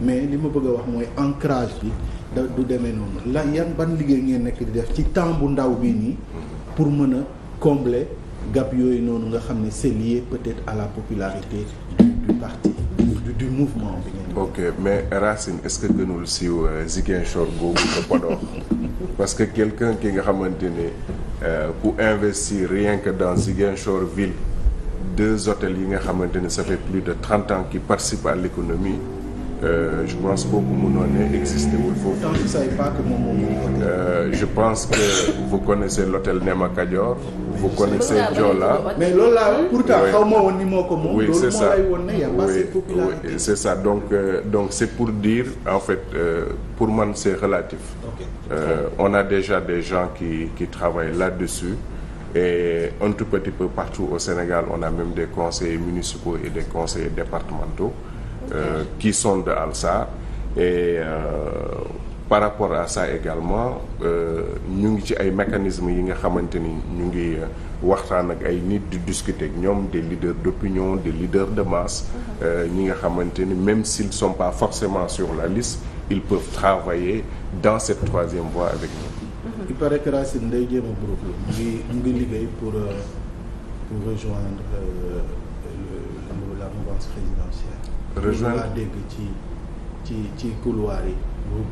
mais li ma bëgg a wax mooy ancrage bi da du demee noonu la yan ban liggéey ngeen nekk di def ci temps bu ndaw bi nii pour mën a combler gap yooyu noonu nga xam ne c'est lié peut à la popularité du parti du, du mouvement bi ngeen ok mais Racine est-ce que gënul siiw euh, Ziguinchor googu nga Podor parce que quelqu'un ki nga xamante ne euh, ku investir rien que dans Ziguinchor ville deux hôtels yi nga xamante ne ça plus de trente ans qui participent à l'économie Euh, je pense kooku mënoon ne existé wul je pense que vous connaissez l'hôtel Nema Kadior. vous connaissez Joola. c'est ça donc euh, donc c'est pour dire en fait euh, pour man c'est relatif. on a déjà des gens qui qui travaillent là-dessus. et un tout petit partout au Sénégal on a même des conseillers municipaux et des conseillers départementaux. euh, qui sont de Alsa et euh, par rapport à ça également euh, ñu ngi ci ay mécanismes yi nga xamante ni ñu ngi euh, waxtaan ak ay nit du discuter ak ñoom des leaders d'opinion des leaders de masse ñi nga xamante ni même s'ils sont pas forcément sur la liste ils peuvent travailler dans cette troisième voie avec nous. il paraît que Racine day jéem a broku mu ngi liggéey pour pour rejoindre euh, le, le, la mouvance présidentielle rejoindre laa dégg ci ci ci couloir yi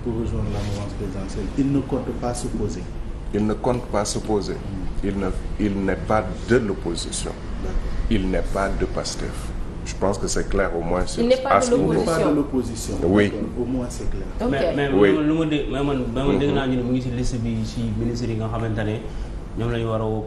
rejoindre la mouvance présidentielle il ne compte pas s'opposer il ne compte pas s'opposer hmm. il ne il n'est pas de l'opposition il n'est pas de Pastef je pense que c'est clair au moins sur à ce niveau. il n'est pas de l'opposition oui au moins c'est clair. ok mais mais mais man man man dégg mm-hmm. naa ñu ne mu ngi ci liste ministre yi nga xamante ne ñoom la ñu war a woo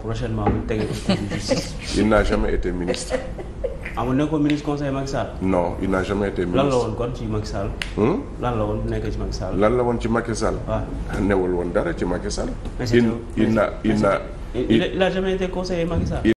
n'a jamais été ministre. amoon ah, na ko ministre conseil Macky Sall. non il n'a jamais été ministre lan la woon kon ci Macky Sall. Hmm? lan la woon bu nekkee ci Macky Sall. lan la woon ci Macky Sall. waaw ah. newul woon dara ci Macky Sall. il il n'a il n'a il n'a jamais été conseiller Macky Sall.